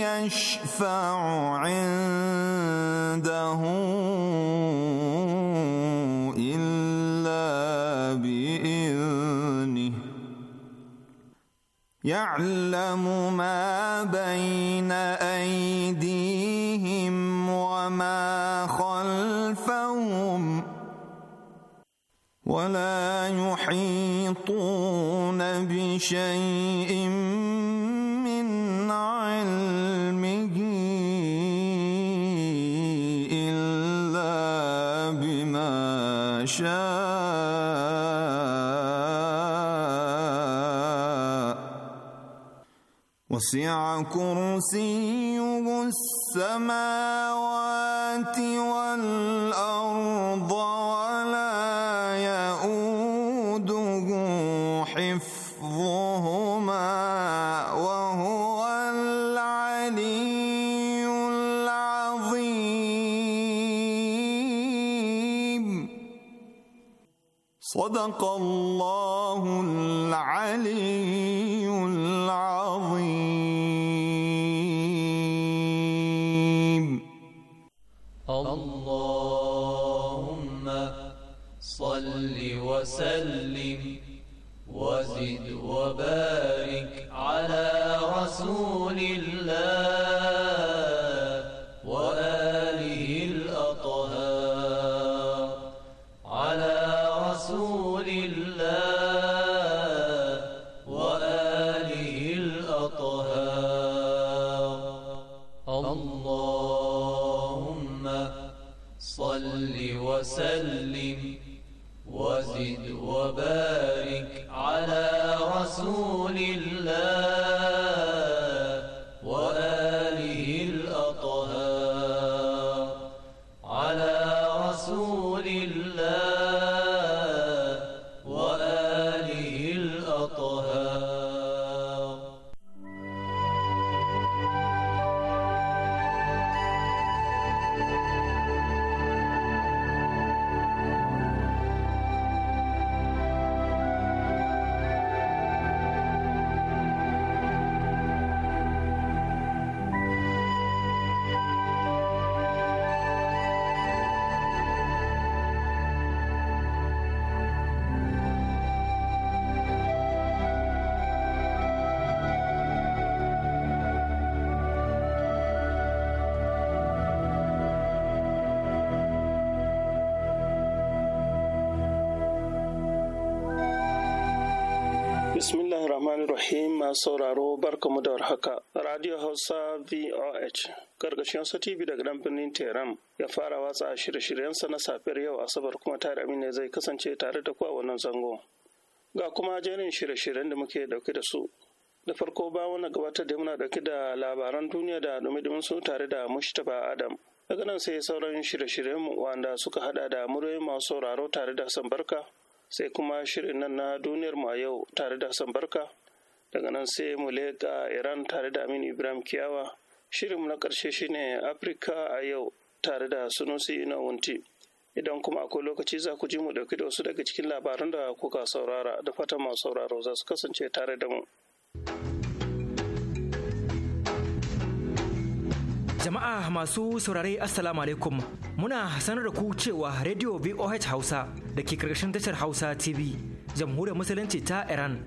يشفع عنده إلا بإذنه يعلم ما بين أيديهم وما خلفهم ولا يحيطون بشيء وسع كرسيه السماوات وزد وبارك على رسول الله wasu TV daga dan birnin Tehran ya fara watsa shirye-shiryensa na safiyar yau Asabar kuma tare ne zai kasance tare da ku a wannan zango. Ga kuma jerin shirye-shiryen da muke dauke da su. Da farko ba wani gabatar da muna dauke da labaran duniya da dumi su tare da Mustapha Adam. Daga nan sai sauran shirye-shiryen wanda suka hada da muryoyin masu sauraro tare da Hassan Barka. Sai kuma shirin nan na duniyar mu a yau tare da Hassan Barka. Daga nan sai mu leƙa Iran tare da Aminu Ibrahim Kiyawa. Shirin na ƙarshe shine Afirka a yau tare da Sunusi Inawunti. Idan kuma akwai lokaci za ku ji mu ɗauki da wasu daga cikin labaran da kuka saurara da fatan masu sauraro za su kasance tare da mu. Jama'a masu saurare Assalamu alaikum muna sanar da ku cewa Radio VOH Hausa da ke tashar Hausa TV jamhuriyar musulunci ta Iran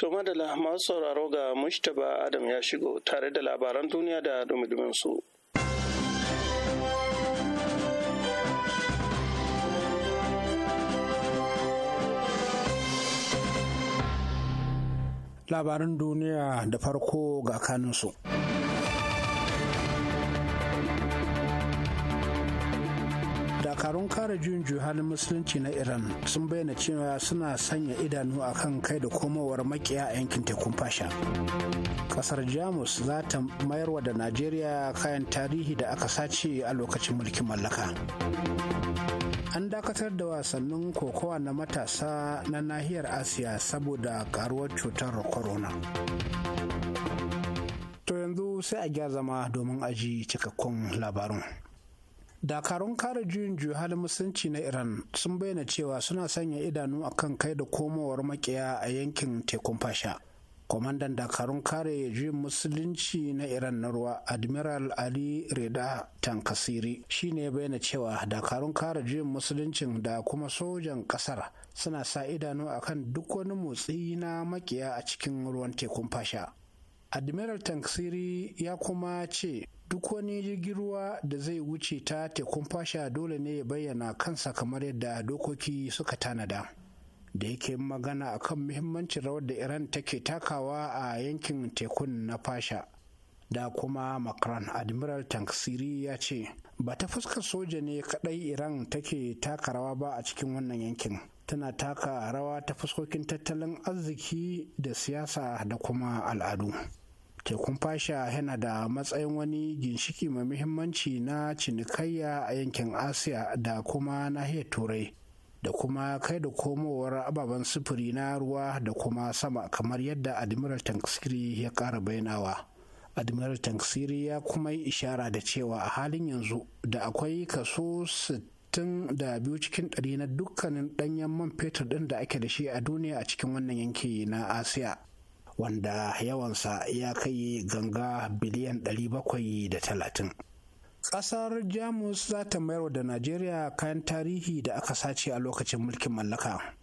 To madala masu sauraro ga Mustapha Adam ya shigo tare da labaran duniya da dumi su. Labaran duniya da farko ga kanunsu. dakarun kare juyin halin musulunci na iran sun bayyana cewa suna sanya idanu a kan kai da komowar makiya a yankin tekun fasha kasar jamus za ta mayarwa da najeriya kayan tarihi da aka sace a lokacin mulkin mallaka an dakatar da wasannin kokowa na matasa na nahiyar asiya saboda karuwar cutar corona to yanzu sai a gya zama domin aji cikakkun labarun. dakarun kare juyin juya halin musulunci na iran sun bayyana cewa suna sanya idanu a kan kai da komowar makiya a yankin tekun fasha kwamandan dakarun kare juyin musulunci na iran na ruwa admiral ali reda tankasiri shine bayyana cewa dakarun kare juyin musuluncin da kuma sojan kasar suna sa idanu a kan duk wani motsi na makiya a cikin ruwan tekun fasha admiral tankasiri ya kuma ce duk wani jirgin ruwa da zai wuce ta tekun fasha dole ne ya bayyana kansa kamar yadda dokoki suka tanada da yake magana akan muhimmancin rawar da iran take takawa a yankin tekun na fasha da kuma macron admiral tanksiri ya ce ba ta fuskar soja ne kadai iran take taka rawa ba a cikin wannan yankin tana taka rawa ta fuskokin tattalin arziki da siyasa da kuma al'adu tekun fasha yana da matsayin wani ginshiki mai muhimmanci na cinikayya a yankin asiya da kuma nahiyar turai da kuma kai da komowar ababen sufuri na ruwa da kuma sama kamar yadda admiral tanksiri ya kara bainawa admiral tanksiri ya kuma yi ishara da cewa a halin yanzu da akwai kaso biyu cikin ɗari na dukkanin danyen man fetur din da ake da shi a duniya a cikin wannan yanki na asiya wanda yawansa ya kai ganga biliyan 730 ƙasar jamus za ta mayar da najeriya kayan tarihi da aka sace a lokacin mulkin mallaka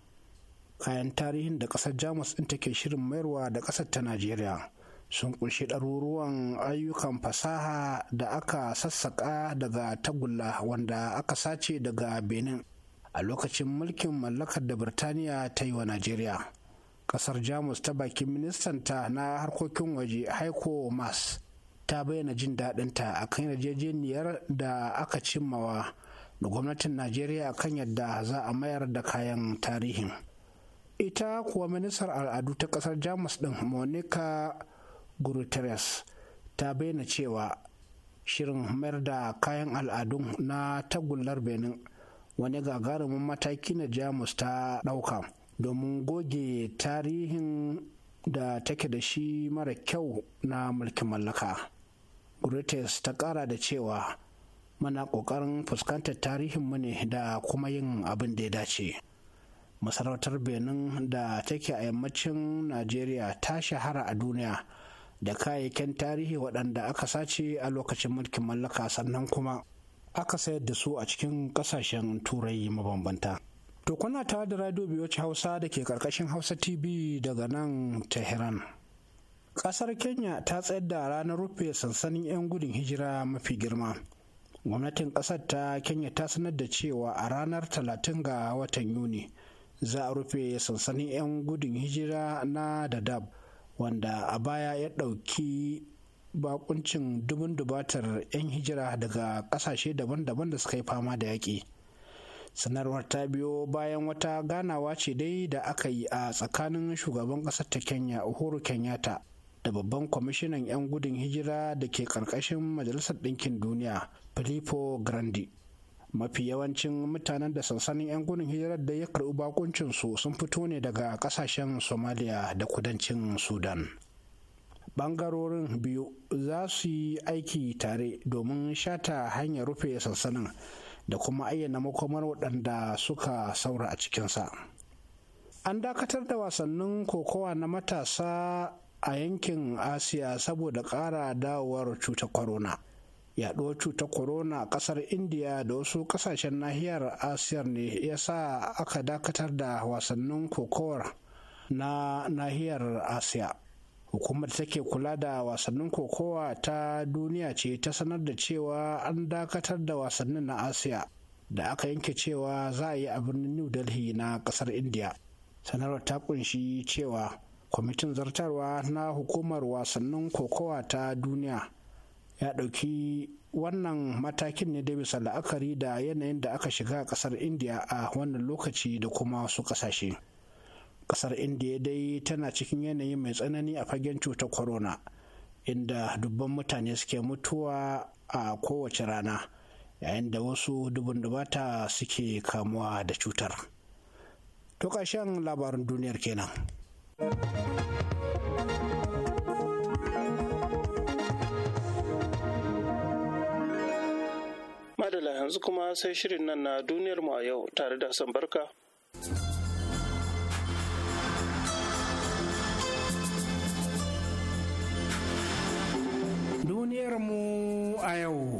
kayan tarihin da ƙasar jamus ɗin take shirin mayarwa da ƙasar ta najeriya sun kunshi ɗaruruwan ayyukan fasaha da aka sassaƙa daga tagulla wanda aka sace daga benin a lokacin mulkin mallakar da birtaniya ta yi wa najeriya kasar jamus ta bakin ministanta na harkokin waje haiko mas ta bayyana jin daɗinta a kan yarjejeniyar da aka cimmawa da gwamnatin najeriya kan yadda za a mayar da kayan tarihin ita kuwa ministar al'adu ta kasar jamus ɗin monica guterres ta bayyana cewa shirin mayar da kayan al'adun na tagullar benin wani gagarumin mataki na jamus ta ɗauka domin goge tarihin da take da shi mara kyau na mulkin mallaka Guterres ta ƙara da cewa mana ƙoƙarin fuskantar tarihinmu ne da kuma yin abin da ya dace masarautar benin da take a yammacin najeriya ta shahara a duniya da kayayyakin tarihi waɗanda aka sace a lokacin mulkin mallaka sannan kuma aka sayar da su a cikin ƙasashen turai mabambanta To kuna tare da radio biyoci Hausa da ke karkashin Hausa TV daga nan Tehran. Kasar Kenya ta tsayar da ranar rufe sansanin 'yan gudun hijira mafi girma. Gwamnatin kasar ta Kenya ta sanar da cewa a ranar 30 ga watan Yuni za a rufe sansanin 'yan gudun hijira na Dadaab wanda a baya ya ɗauki bakuncin dubun dubatar 'yan hijira daga ƙasashe daban-daban da suka yi fama da yaƙi. sanarwar ta biyo bayan wata ganawa ce dai da aka yi a tsakanin shugaban ƙasar ta kenya uhuru kenyatta da babban kwamishinan 'yan gudun hijira da ke ƙarƙashin majalisar ɗinkin duniya filippo grandi mafi yawancin mutanen da sansanin 'yan gudun hijirar da ya karɓi bakuncinsu sun fito ne daga ƙasashen somalia da kudancin sudan bangarorin biyu za su yi aiki tare domin shata hanyar rufe sansanin da kuma ayyana makomar waɗanda suka saura a cikinsa an dakatar da wasannin kokowa na matasa a yankin asiya saboda ƙara dawowar cutar corona yaɗuwar cutar corona a ƙasar india da wasu ƙasashen nahiyar asiyar ne ya sa aka dakatar da wasannin kokowar na nahiyar asiya hukumar take kula da wasannin kokowa ta duniya ce ta sanar da cewa an dakatar da wasannin na asiya da aka yanke cewa za a yi a birnin new delhi na kasar india sanarwar ta kunshi cewa kwamitin zartarwa na hukumar wasannin kokowa ta duniya ya ɗauki wannan matakin ne da bisa la'akari da yanayin da aka shiga a ƙasar india a wannan lokaci da kuma wasu ƙasashe. kasar indiya dai tana cikin yanayi mai tsanani a fagen cutar corona inda dubban mutane suke mutuwa a kowace rana yayin da wasu dubun dubata suke kamuwa da cutar to ƙarshen labarin duniyar kenan madala yanzu kuma sai shirin nan na duniyar mu a yau tare da san barka duniyarmu a yau.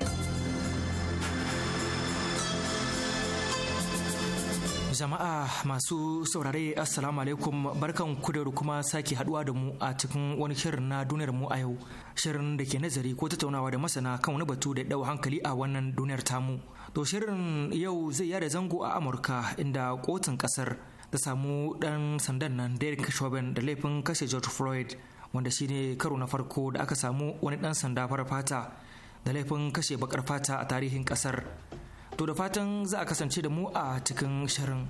Jama'a masu saurare Assalamu alaikum barkan ku da kuma sake haduwa da mu a cikin wani shirin na duniyar mu a yau shirin da ke nazari ko tattaunawa da masana kan wani batu da dau hankali a wannan duniyar tamu. To shirin yau zai yada zango a Amurka inda kotun kasar ta samu dan sandan nan Derek Chauvin da laifin kashe George Floyd wanda shine karo na farko da aka samu wani ɗan sanda fara fata da laifin kashe bakar fata a tarihin ƙasar to da fatan za a kasance da mu a cikin shirin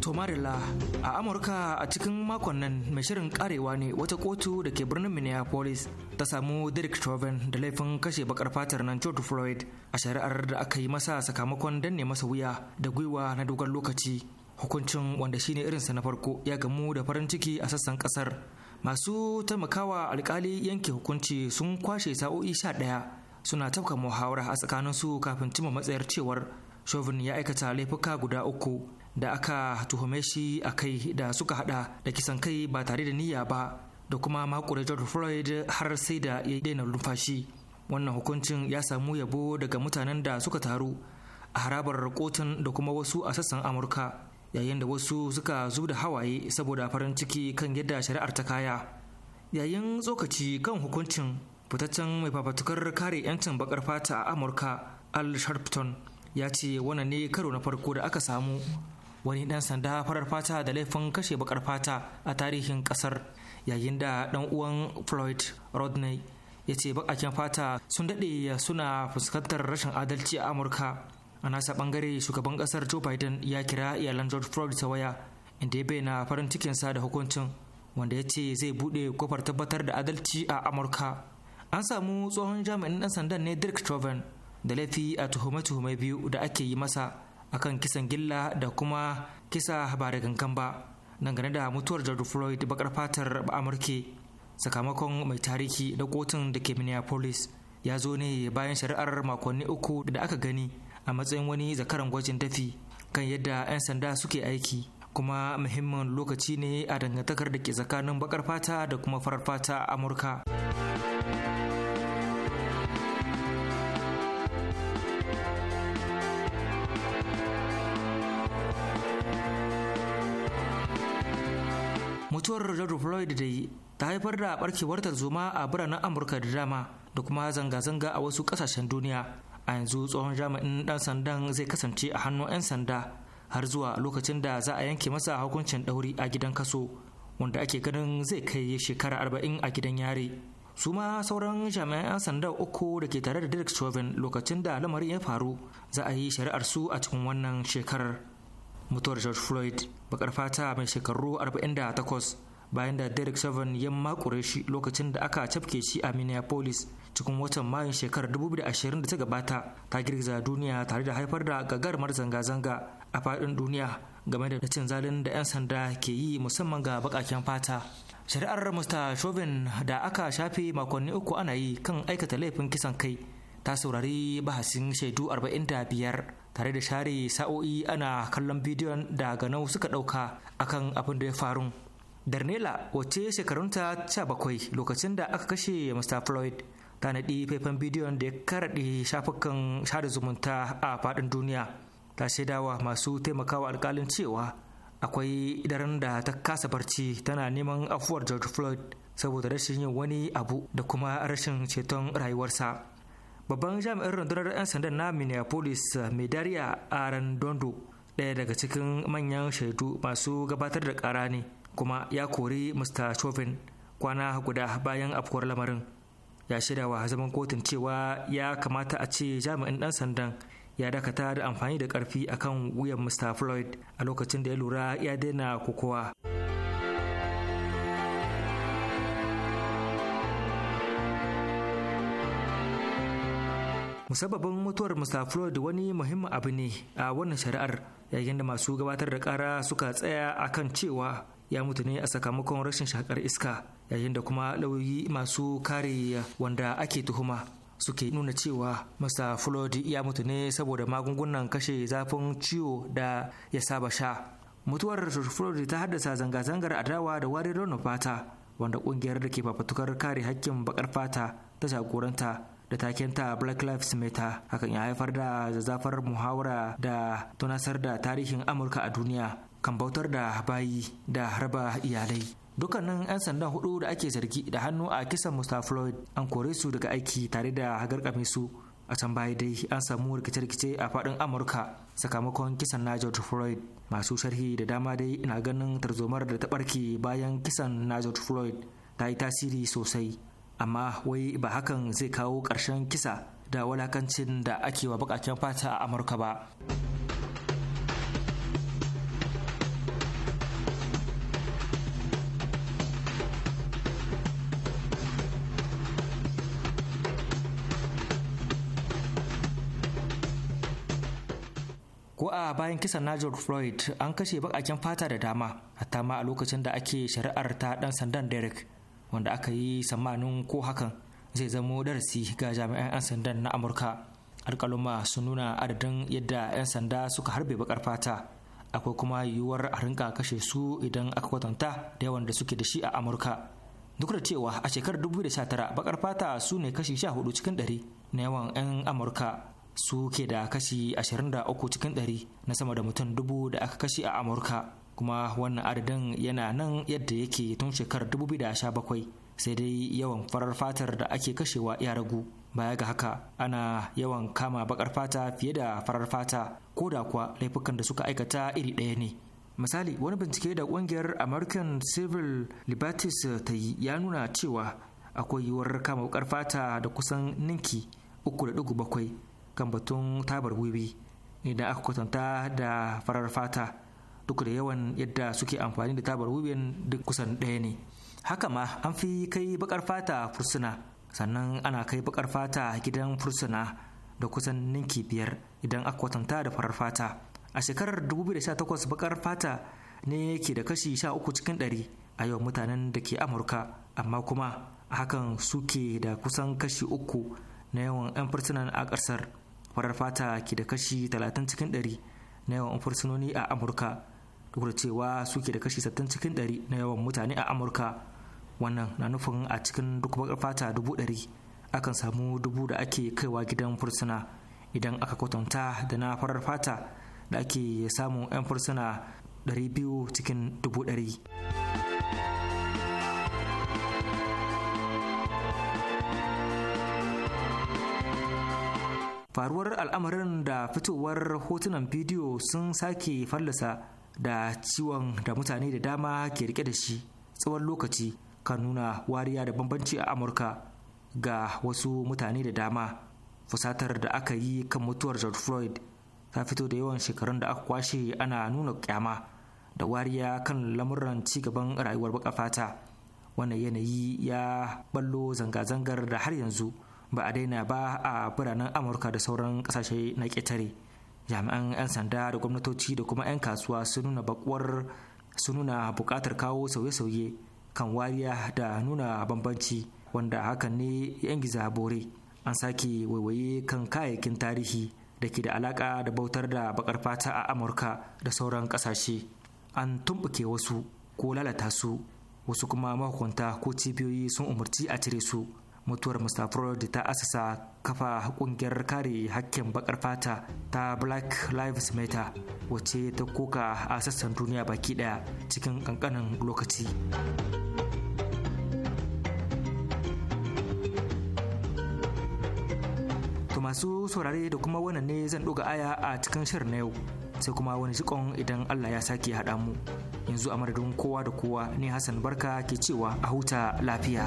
to A Amurka a cikin makon nan mai shirin karewa ne wata kotu da ke birnin Minneapolis ta samu Derek Chauvin da laifin kashe bakar fatar nan George Floyd a shari'ar da aka yi masa sakamakon danne masa wuya da gwiwa na dogon lokaci. Hukuncin wanda shine irinsa na farko ya gamu da farin ciki a sassan kasar. Masu taimakawa alkali yanke hukunci sun kwashe sa'o'i sha ɗaya suna tafka muhawara a tsakanin su kafin cimma matsayar cewar Chauvin ya aikata laifuka guda uku da aka tuhume shi a kai da suka hada da kisan kai ba tare da niyya ba da kuma makure George Floyd har sai da ya daina numfashi. Wannan hukuncin ya samu yabo daga mutanen da suka taru a harabar kotun da kuma wasu a sassan Amurka yayin da wasu suka zu da hawaye saboda farin ciki kan yadda shari'ar ta kaya. Yayin tsokaci kan hukuncin fitaccen mai fafatukar kare 'yancin bakar fata a Amurka Al Sharpton ya ce wannan ne karo na farko da aka samu wani dan sanda farar fata da laifin kashe bakar fata a tarihin ƙasar yayin da ɗan uwan floyd rodney ya ce bakaken fata sun daɗe suna fuskantar rashin adalci a amurka a nasa ɓangare shugaban ƙasar joe biden ya kira iyalan george floyd ta waya inda ya bayyana farin cikinsa da hukuncin wanda ya ce zai buɗe kofar tabbatar da adalci a amurka an samu tsohon jami'in ɗan sandan ne dirk chauvin da laifi a tuhume-tuhume biyu da ake yi masa akan kisan gilla da kuma kisa ba da gangan ba dangane da mutuwar George Floyd bakar fatar ba Amurke sakamakon mai tariki da kotun da ke Minneapolis ya zo ne bayan shari'ar makonni uku da aka gani a matsayin wani zakaran gwajin dafi kan yadda 'yan sanda suke aiki kuma muhimmin lokaci ne a dangantakar da ke tsakanin bakar fata da kuma farar fata a Amurka. mutuwar george floyd da yi ta haifar da barkewar tarzoma a biranen amurka da dama da kuma zanga-zanga a wasu kasashen duniya a yanzu tsohon jami'in dan sandan zai kasance a hannun 'yan sanda har zuwa lokacin da za a yanke masa hukuncin ɗauri a gidan kaso wanda ake ganin zai kai shekara arba'in a gidan yare su ma sauran jami'an 'yan sanda uku da ke tare da derek chauvin lokacin da lamarin ya faru za a yi shari'ar su a cikin wannan shekarar mutuwar george floyd bakar fata mai shekaru 48 bayan da derek chauvin ya makure shi lokacin da aka cafke shi a minneapolis cikin watan mayun shekarar 2020 da ta gabata ta girgiza duniya tare da haifar da gagarumar zanga-zanga a faɗin duniya game da cin zalin da 'yan sanda ke yi musamman ga baƙaƙen fata shari'ar mr chauvin da aka shafe makonni uku ana yi kan aikata laifin kisan kai ta saurari bahasin shaidu 45 tare da share sa'o'i ana kallon bidiyon da ganau suka ɗauka akan abin da ya faru darnela wacce shekarunta bakwai lokacin da aka kashe mr floyd ta naɗi faifan bidiyon da ya karaɗe shafukan share zumunta a faɗin duniya ta shaidawa masu taimakawa alkalin cewa akwai daren da ta kasa barci tana neman afuwar george floyd saboda rashin yin wani abu da kuma rashin ceton rayuwarsa babban jami'in rundunar 'yan sandan na minneapolis eh, aran dondo ɗaya daga cikin manyan shaidu masu gabatar da ƙara ne kuma ya kori mr chauvin kwana guda bayan afkuwar lamarin ya shirya wa zaman kotun cewa ya kamata a ce jami'in ɗan sandan ya dakata da amfani da ƙarfi akan wuyan mr floyd a lokacin da ya lura ya daina kokowa. musabbabin mutuwar mr floyd wani muhimmin abu ne a wannan shari'ar yayin da masu gabatar da kara suka tsaya a kan cewa ya mutu ne a sakamakon rashin shakar iska yayin da kuma lauyi masu kare wanda ake tuhuma suke nuna cewa mr floyd ya mutu ne saboda magungunan kashe zafin ciwo da ya saba sha mutuwar floyd ta haddasa zanga-zangar adawa da wariyar fata wanda kungiyar da ke fafatukar kare hakkin Baƙar fata ta jagoranta da taken ta Black Lives Matter hakan ya haifar da zazzafar muhawara da tunasar da tarihin Amurka a duniya kan bautar da bayi da raba iyalai. Dukkanin 'yan sanda hudu da ake zargi da hannu a kisan Mr. Floyd an kore su daga aiki tare da hagargame su a can baya dai an samu rikice-rikice a faɗin Amurka sakamakon kisan na George Floyd. Masu sharhi da dama dai ina ganin tarzomar da ta ɓarke bayan kisan na George Floyd ta yi tasiri sosai amma wai ba hakan zai kawo ƙarshen kisa da walakancin da ake wa bakaken fata a amurka ba ko a bayan kisan na George Floyd an kashe bakaken fata da dama hatta ma a lokacin da ake shari'ar ta dan sandan Derek wanda aka yi tsammanin ko hakan zai zamo darasi ga jami'an 'yan sandan na amurka alkaluma sun nuna adadin yadda 'yan sanda suka harbe bakar fata akwai kuma yiwuwar a rinka kashe su idan aka kwatanta da yawan da suke da shi a amurka duk da cewa a shekarar 2019 bakar fata su ne kashi 14 cikin 100 na yawan 'yan amurka su ke da kashi 23 cikin 100 na sama da mutum dubu da aka kashe a amurka kuma wannan adadin yana nan yadda yake tun shekarar 2017 sai dai yawan farar fatar da ake kashewa ya ragu baya ga haka ana yawan kama bakar fata fiye da farar fata ko da kuwa laifukan da suka aikata iri ɗaya ne misali wani bincike da ƙungiyar american civil liberties ta yi ya nuna cewa akwai yiwuwar kama bakar fata da kusan ninki 3.7 kan batun tabar wiwi idan aka kwatanta da farar fata duk da yawan yadda suke amfani da tabar wuyan duk kusan ɗaya ne haka ma an fi kai bakar fata fursuna sannan ana kai bakar fata gidan fursuna da kusan ninki biyar idan aka kwatanta da farar fata a shekarar 2018 bakar fata ne ke da kashi 13 cikin ɗari a yau mutanen da ke amurka amma kuma hakan suke da kusan kashi uku na yawan 'yan fursunan a ƙasar farar fata ke da kashi 30 cikin ɗari na yawan fursunoni a amurka duk da cewa suke da kashi 60 cikin 100 na yawan mutane a amurka wannan na nufin a cikin duk bakar fata dubu dari akan samu dubu da ake kaiwa gidan fursuna idan aka kwatanta da na farar fata da ake samu 'yan fursuna 200 cikin dubu dari. faruwar al'amarin da fitowar hotunan bidiyo sun sake fallasa da ciwon da mutane da dama ke rike da shi tsawon lokaci kan nuna wariya da bambanci a amurka ga wasu mutane da dama fusatar da aka yi kan mutuwar george floyd ta fito da yawan shekarun da aka kwashe ana nuna kyama da wariya kan lamuran cigaban rayuwar baka fata wannan yanayi ya ballo zanga-zangar da har yanzu ba a daina ba a biranen amurka da sauran kasashe na ƙetare jami'an 'yan sanda da gwamnatoci da kuma 'yan kasuwa sun nuna buƙatar kawo sauye-sauye kan wariya da nuna bambanci wanda hakan ne yan giza bore an sake waiwaye kan kayayyakin tarihi da ke da alaƙa da bautar da bakar fata a amurka da sauran ƙasashe an tumɓuke wasu ko lalata su wasu kuma mahukunta ko cibiyoyi sun umarci a cire su mutuwar Mustapha Prodi ta asasa kafa kungiyar kare hakkin bakar fata ta black lives matter wacce ta koka a sassan duniya baki daya cikin kankanin lokaci to masu saurare da kuma wannan ne zan ɗoga aya a cikin shirin na yau sai kuma wani jikon idan allah ya sake haɗa mu yanzu a madadin kowa da kowa ne hassan barka ke cewa a huta lafiya.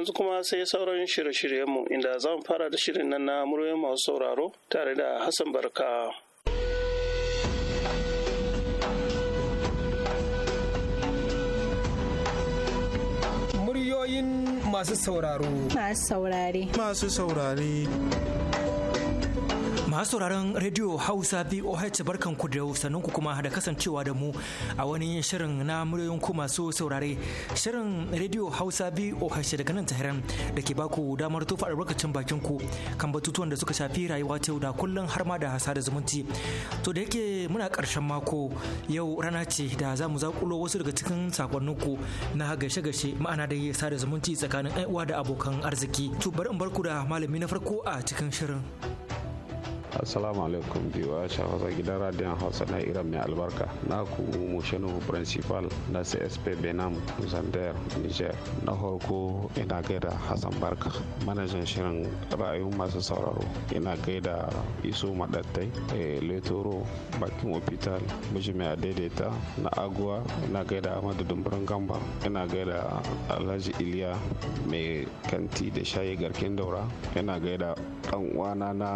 yanzu kuma sai sauran shirye-shiryenmu inda za mu fara da shirin nan na muryoyin masu sauraro tare da Hassan Barka. Muryoyin masu sauraro. Masu saurare. Masu saurare. Masu sauraron Radio Hausa barkan ku da sannan ku kuma da kasancewa da mu a wani shirin na muryoyin ku masu saurare. Shirin Radio Hausa BOH daga nan Tahiran da ke baku damar tofa albarkacin bakin ku kan batutuwan da suka shafi rayuwa ta da kullum har ma da hasa da zumunci. To da yake muna karshen mako yau rana ce da za mu zakulo wasu daga cikin sakonnin ku na gashe-gashe ma'ana da sada zumunci tsakanin uwa da abokan arziki. To bari in barku da malami na farko a cikin shirin. assalamu alaikum biyu a shafasa gidan radiyon hausa na iran mai albarka na ku mu shanu principal na csp benam zander niger na farko ina gaida hassan barka manajan shirin ra'ayin masu sauraro ina gaida iso madattai eh, letoro bakin opital miji mai daidaita na aguwa ina gaida amadu dumburin gamba ina gaida alhaji iliya mai kanti da shayi garkin daura ina gaida dan uwana na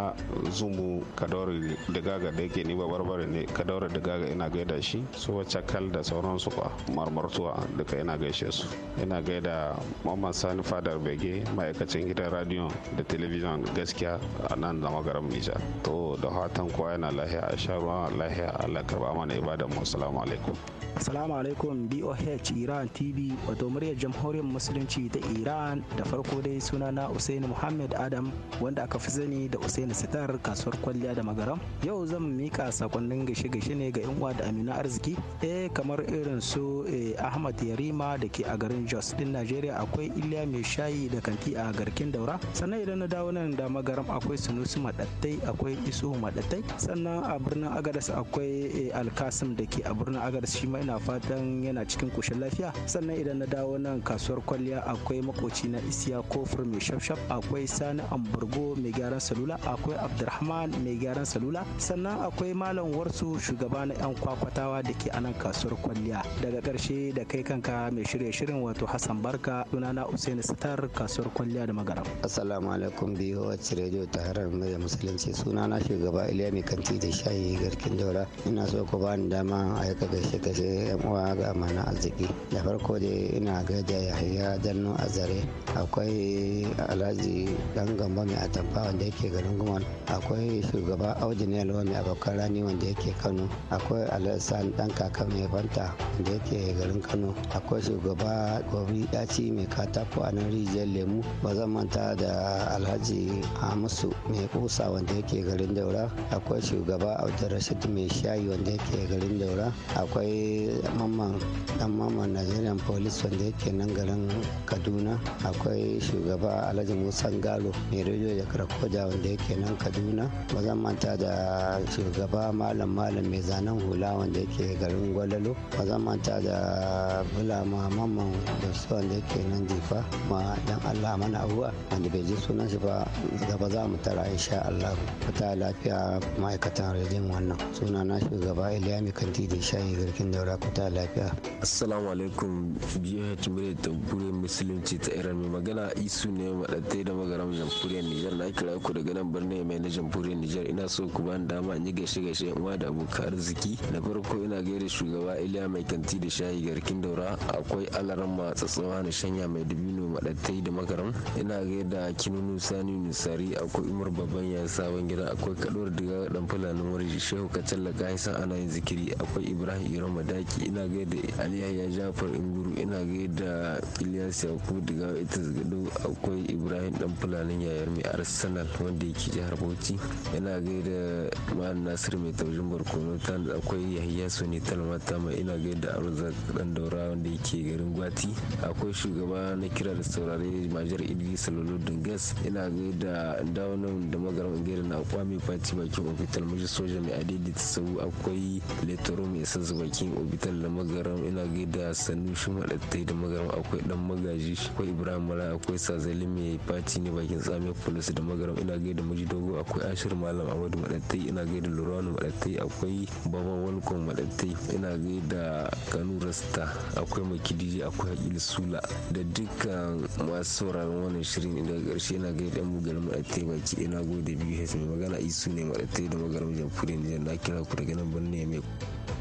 zumbu mu kadori digaga da yake ni babarbare ne kadori digaga ina gaida shi su wacce kal da sauransu kwa marmartuwa duka ina gaishe su ina gaida mamman sani fadar bege ma'aikacin gidan radiyo da telebijin gaskiya a nan zama garin Nijar. To da fatan kowa yana lahiya a sha ruwa lahiya Allah karba mana ibadan mu assalamu alaikum. Assalamu alaikum BOH Iran TV wato muryar jamhuriyar musulunci ta Iran da farko dai sunana Usaini Muhammad Adam wanda aka fi sani da Usaini Sitar kasuwar kwalliya da magaram yau zan mika sakonnin gaishe-gaishe ne ga yan uwa da amina arziki eh kamar irin su eh, ahmad yarima da ke a garin jos din najeriya akwai iliya mai shayi da kanti a garkin daura sannan idan na dawo nan da magaram akwai sunusu madattai akwai isu madattai sannan a birnin agadas akwai eh, alkasim da ke a birnin agadas shi ma ina fatan yana cikin kushin lafiya sannan idan na dawo nan kasuwar kwalliya akwai makoci na isiya kofur mai shafshaf akwai sani amburgo mai gyaran salula akwai abdurrahman mai gyaran salula sannan akwai malam warsu shugaba na yan kwakwatawa da ke anan kasuwar kwalliya daga ƙarshe da kai kanka mai shirya shirin wato hassan barka sunana usaini sitar kasuwar kwalliya da magaram assalamu alaikum biyu wacce radio ta harar mai musulunci sunana shugaba iliya mai kanti da shayi garkin daura ina so ku bani dama a yi gaishe kashe yan uwa ga amana arziki da farko dai ina gaida yahaya danno zare. akwai alhaji dan gamba mai atamfa wanda yake garin gumal akwai akwai shugaba audu ne lomi abokan rani wanda yake kano akwai alasan dan kaka mai banta wanda yake garin kano akwai shugaba Gobi yaci mai katako a nan rijiyar lemu ba zan manta da alhaji Amusu mai kusa wanda yake garin daura akwai shugaba abdulrashid mai shayi wanda yake garin daura akwai mamman dan mamman nigerian police wanda yake nan garin kaduna akwai shugaba alhaji musa galo mai rediyo da koja wanda yake nan kaduna ba manta da shugaba malam malam mai zanen hula wanda yake garin gwalalo ba zan manta da bulama mamman da su wanda yake nan jifa ma dan allah mana abuwa wanda bai ji sunan shi ba gaba za mu tara insha allah ta lafiya ma'aikatan rediyon wannan suna na shugaba iliya mai kanti da shayi garkin daura ku ta lafiya assalamu alaikum biyar muryar bure musulunci ta iran mai magana isu ne maɗatai da magaram jamhuriyar nijar na kira ku daga nan birnin mai na jamhuriyar jamhuriyar Nijar ina so ku bani dama in yi gaishe gaishe uwa da abokan arziki na farko ina gaida shugaba Iliya mai kanti da shayi garkin daura akwai alaran matsatsawa na shanya mai dabino maɗattai da makaram ina gaida kinunu sani nusari akwai umar babban ya sabon gida akwai kaduwar diga dan fulani wari shehu kacalla kaisa ana yin zikiri akwai ibrahim iran madaki ina gaida aliya ya jafar inguru ina gaida ilyas yakubu diga ita gado akwai ibrahim dan fulani yayar mai arsenal wanda yake jihar bauchi yana gaida ma'an nasir mai taujin barkono ta akwai yahiya sani ta mai ina gaida arzak dan daura wanda yake garin gwati akwai shugaba na kira da saurare majar idris lolo dungas ina gaida daunin da magaran gaida na kwami fati bakin ofital majin soja mai adidi ta sau akwai letoro mai isa bakin ofital da magaran ina gaida sanushi maɗattai da magaran akwai dan magaji akwai ibrahim mala akwai sazali mai fati ne bakin tsamiyar polis da magaran ina gaida maji dogo akwai asha bashir malam amadu madattai ina gaida lurano madattai akwai baba walkon madattai ina gaida kanu rasta akwai makidiji akwai hakil sula da dukkan masu sauraron wannan shirin daga karshe ina gaida yan bugar madattai baki ina gode biyu mai magana isu ne madattai da magana magaram jamhuriyar ne na kira ku daga nan birni mai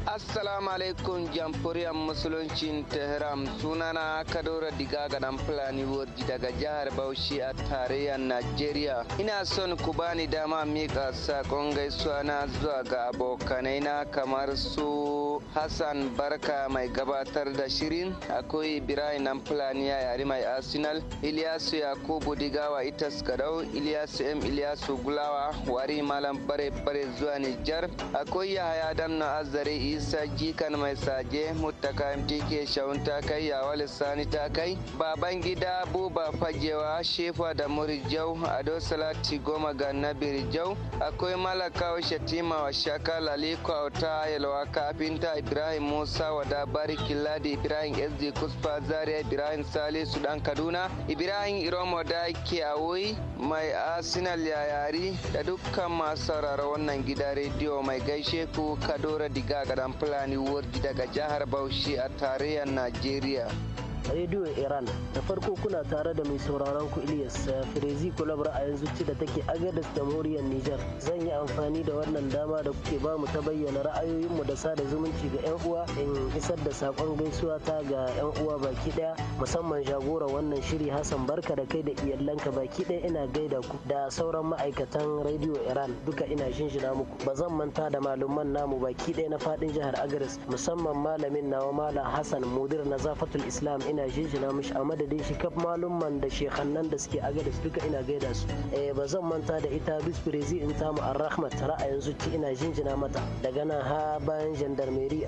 assalamu alaikum jamhuriyar musuluncin tehran sunana kadora diga ga dan fulani warji daga jihar bauchi a tarayyar najeriya ina son ku bani dama miƙa sakon gaisuwa na zuwa ga abokanai na kamar su Hassan Barka mai gabatar da shirin akwai Ibrahim nan ya yare mai Arsenal, Ilyasu Yakubu Digawa Itas Gadau, Iliyasu M Gulawa, Wari Malam Bare Bare zuwa Nijar, akwai Yahaya Danna Azare Isa Jikan mai saje Mutaka MTK Shawun Takai Yawali Sani kai, Baban Gida Buba Fajewa Shefa da Murijau Ado Salati Goma ga jau akwai Malakawa Shatima wa Shaka Laliko ta Yalwa Kafin Musa Ibrahim Musa Wada Bariki Ladi Ibrahim SD Kuspa Zaria Ibrahim Salisu Sudan Kaduna Ibrahim Iromo da Awoyi mai Arsenal yayari da dukkan masu wannan gida rediyo mai gaishe ku Kadora Diga Gadan Fulani Wurdi daga jihar Bauchi a tarayyar Najeriya. rediyo iran da farko kuna tare da mai sauraron ku ilyas firezi ra'ayin a yanzu ce da take agadas jamhuriyar nijar zan yi amfani da wannan dama da kuke ba mu ta bayyana ra'ayoyinmu da sada zumunci ga yan uwa in isar da sakon gaisuwa ta ga yan uwa baki ɗaya musamman jagora wannan shiri hassan barka da kai da iyalanka baki daya ina gaida ku da sauran ma'aikatan rediyo iran duka ina shinshina muku ba zan manta da malaman namu baki daya na fadin jihar agadas musamman malamin nawa malam hassan mudir na zafatul islam ina jinjina mishi a madadin shi kaf malumman da shekannan da suke aga da su duka ina gaida su eh ba zan manta da ita bis prezi in mu arrahmat ra'ayin zuci ina jinjina mata daga nan ha bayan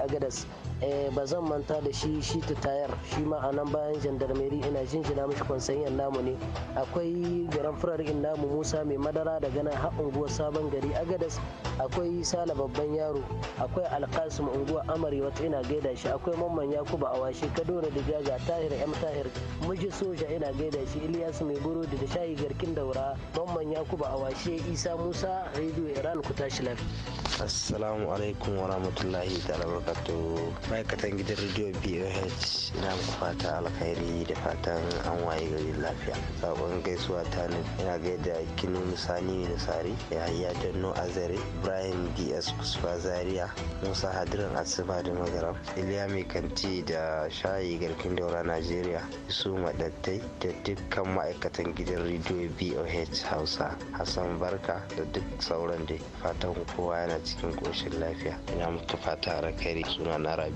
a gadas Eh, ba zan manta da shi shi ta tayar shi ma a nan bayan jandarmeri ina jinjina mishi kwansayin namu ne akwai garan furar in namu musa mai madara daga nan har unguwar sabon gari agadas akwai sala babban yaro akwai alkasim unguwar amari wata ina gaida shi akwai mamman yakuba a washe kaduna jaga tahir yan tahir miji soja ina gaida shi ilyas mai burodi da shayi garkin daura mamman yakuba a washe isa musa radio iran ku tashi lafiya assalamu alaikum wa rahmatullahi ta'ala barakatuh ma'aikatan gidan rediyo boh ina muku fata alkhairi da fatan an waye gari lafiya sabon gaisuwa ta ne ina gaida kinu musani Sare, yahaya danno azare ibrahim ds kusfa zaria musa hadirin asuba da magaram iliya mai kanti da shayi garkin daura najeriya su madattai da dukkan ma'aikatan gidan rediyo boh hausa hassan barka da duk sauran da fatan kowa yana cikin koshin lafiya ina muku fata alkhairi suna na rabi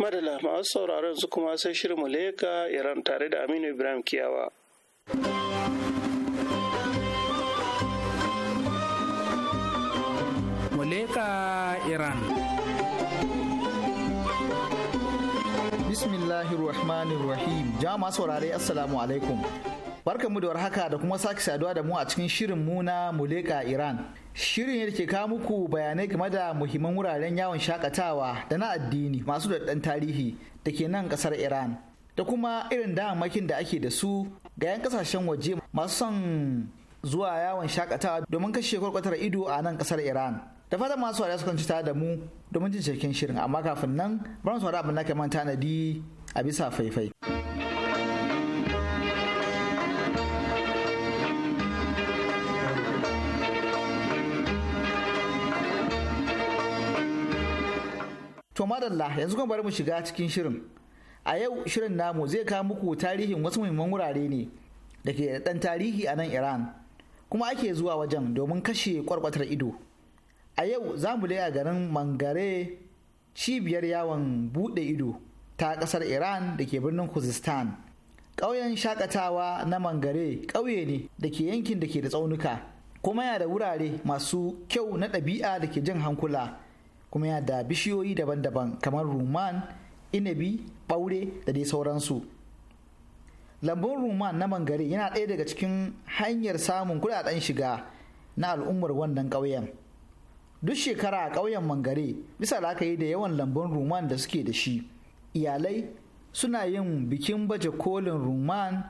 Madala masu sauraron su kuma sai shirin muleka Iran tare da Aminu Ibrahim Kiyawa. Muleka Iran. Bismillahirrahmanirrahim. Jama'a saurare Assalamu alaikum. Barkanmu da warhaka da kuma sake saduwa da mu a cikin shirin muna Muleka Iran. Shirin ne da ke kawo muku bayanai game da muhimman wuraren yawon shakatawa da na addini masu da tarihi da ke nan ƙasar Iran da kuma irin damakin da ake da su ga 'yan kasashen waje masu son zuwa yawon shakatawa domin kashe kwarkwatar ido a nan ƙasar Iran. Da fatan masu wariya suka tare da mu domin jin cikin shirin amma kafin nan bar mu saurari abin da manta a bisa faifai. Allah yanzu kuma bari mu shiga cikin shirin a yau shirin namu zai kawo muku tarihin wasu muhimman wurare ne da ke da ɗan tarihi a nan iran kuma ake zuwa wajen domin kashe kwarkwatar ido a yau za mu a garin mangare cibiyar yawon buɗe ido ta ƙasar iran da ke birnin kuzistan ƙauyen shakatawa na mangare ƙauye ne da ke yankin da ke da tsaunuka kuma yana da wurare masu kyau na ɗabi'a da ke jin hankula kuma yana da bishiyoyi daban-daban kamar ruman inabi ɓaure da dai sauransu lambun ruman na mangare yana ɗaya daga cikin hanyar samun kudaden shiga na al'ummar wannan ƙauyen duk shekara a ƙauyen mangare bisa la'akari da yawan lambun ruman da suke da shi iyalai suna yin bikin baje kolin ruman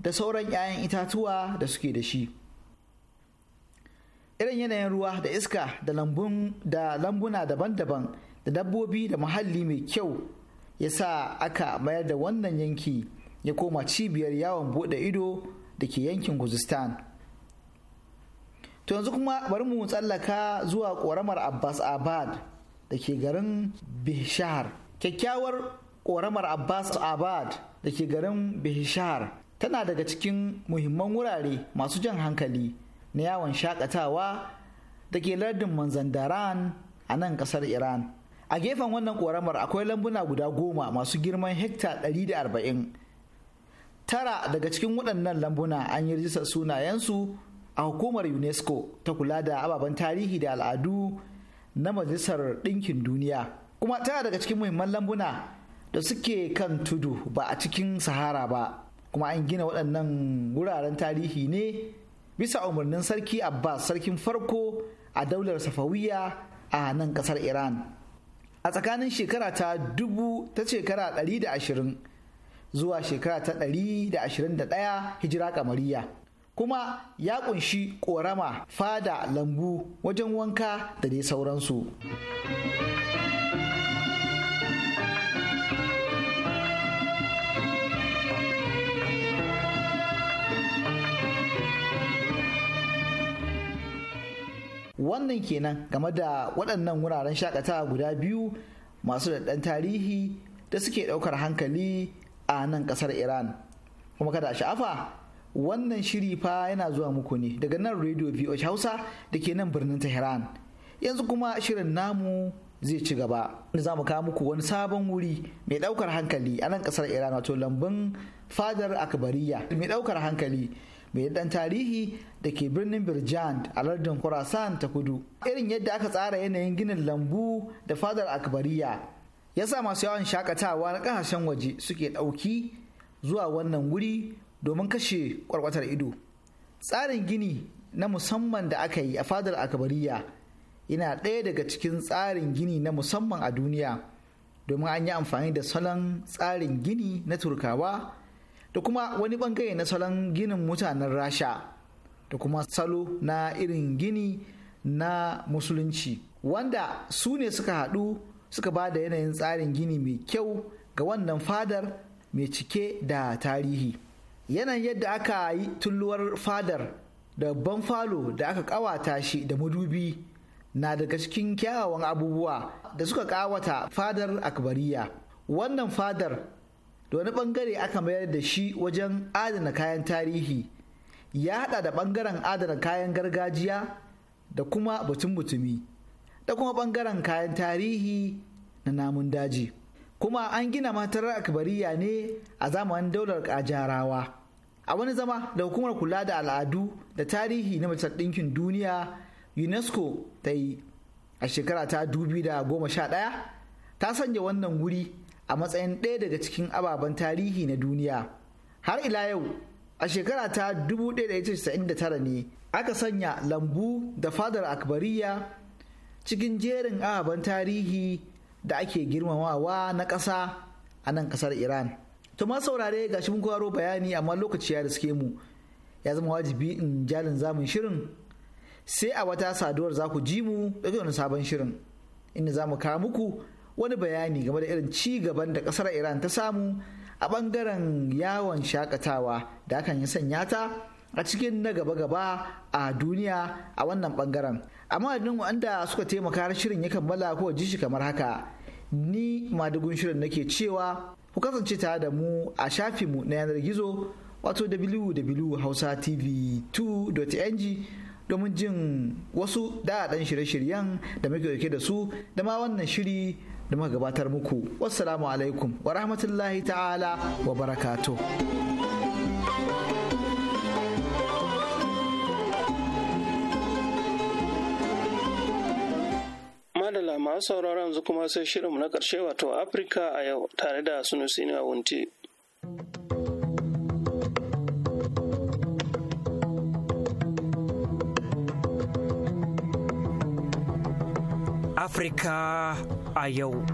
da sauran 'ya'yan itatuwa da suke da shi irin yanayin ruwa da iska da lambun da lambuna daban-daban da dabbobi da muhalli mai kyau ya sa aka mayar da wannan yanki ya koma cibiyar yawon bude ido da ke yankin guzistan to yanzu kuma bari mu tsallaka zuwa ƙoramar abbas abad da ke garin bishar kyakkyawar ƙoramar abbas abad da ke garin bishar tana daga cikin muhimman wurare masu jan hankali na yawon shakatawa da ke lardin manzandaran a nan kasar iran a gefen wannan koramar akwai lambuna guda goma masu girman hekta 140 tara daga cikin waɗannan lambuna an yi rijistar sunayensu a hukumar unesco ta kula da ababen tarihi da al'adu na majalisar ɗinkin duniya kuma tara daga cikin muhimman lambuna da suke kan tudu ba a cikin sahara ba kuma an gina waɗannan wuraren tarihi ne bisa umarnin sarki abbas sarkin farko a daular safawiya a nan kasar iran a tsakanin shekara ta dubu ta shekara 120 zuwa shekara ta 121 hijira kamariya kuma ya kunshi korama fada lambu wajen wanka da dai sauransu. wannan kenan game da waɗannan wuraren shakatawa guda biyu masu daɗan tarihi da suke ɗaukar hankali a nan ƙasar iran kuma kada sha'afa wannan shiri fa yana zuwa muku ne daga nan radio voh hausa da ke nan birnin tehran yanzu kuma shirin namu zai ci gaba za mu kawo muku wani sabon wuri mai ɗaukar hankali a nan ƙasar iran wato lambun fadar akbariya mai ɗaukar hankali mai dan tarihi da ke birnin Birjan a lardin Khurasan ta kudu. Irin yadda aka tsara yanayin ginin lambu da fadar akbariya ya sa masu yawan shakatawa na kasashen waje suke ɗauki zuwa wannan wuri domin kashe kwarkwatar ido. Tsarin gini na musamman da aka yi a fadar akbariya yana ɗaya daga cikin tsarin gini na musamman a duniya domin an yi amfani da salon tsarin gini na turkawa da kuma wani bangare na salon ginin mutanen rasha da kuma salo na irin gini na musulunci wanda su ne suka hadu suka ba da yanayin tsarin gini mai kyau ga wannan fadar mai cike da tarihi yanayin yadda aka yi tulluwar fadar da babban falo da aka ƙawata shi da madubi na daga cikin kyawawan abubuwa da suka ƙawata fadar akbariya wannan fadar da wani bangare aka mayar da shi wajen adana kayan tarihi ya hada da bangaren adana kayan gargajiya da kuma batun mutumi da kuma bangaren kayan tarihi na namun daji kuma an gina matar akbariya ne a zamanin daular kajarawa a wani zama da hukumar kula da al'adu da tarihi na majalisar ɗinkin duniya unesco ta yi a shekara ta 2011 ta sanya wannan wuri a matsayin ɗaya daga cikin ababen tarihi na duniya har ila yau a shekara ta 1999 ne aka sanya lambu da fadar akbariya cikin jerin ababen tarihi da ake girmamawa na ƙasa a nan ƙasar iran to ma saurare ga shi mun kwaro bayani amma lokaci ya riske mu ya zama wajibi in jalin zamun shirin sai a wata saduwar za ku ji mu ɗauke wani sabon shirin inda za mu kawo muku wani bayani game da irin ci gaban da kasar iran ta samu a bangaren yawon shakatawa da hakan ya sanya ta a cikin na gaba-gaba a duniya a wannan bangaren amma adadin wanda suka taimaka shirin ya kammala ko ji shi kamar haka ni madugun shirin nake cewa ku kasance tare da mu a shafinmu na yanar gizo wato www.hausatv2.ng domin jin wasu da shirye-shiryen da muke dauke da su da ma wannan shiri da muka gabatar muku wassalamu alaikum wa rahmatullahi ta'ala wa barakato. madala masu sauraron yanzu kuma sai shirinmu na karshe wato afirka a yau tare da sunusi a wunti. Africa. a yau.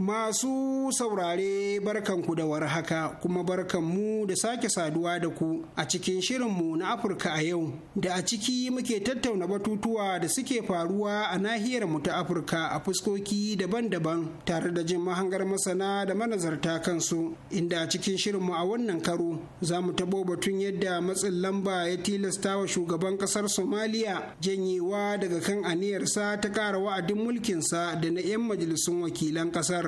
Masu saurare barkanku da warhaka kuma barkanmu da sake saduwa da ku a cikin shirinmu na Afirka a yau da a ciki muke tattauna batutuwa da suke faruwa a nahiyar mu ta Afirka a fuskoki daban-daban tare da jin mahangar masana da manazarta kansu inda a cikin shirinmu a wannan karo za mu tabo batun yadda matsin lamba ya tilasta wa shugaban kasar Somaliya janyewa daga kan aniyarsa ta ƙara wa'adin mulkinsa da na 'yan majalisun wakilan ƙasar.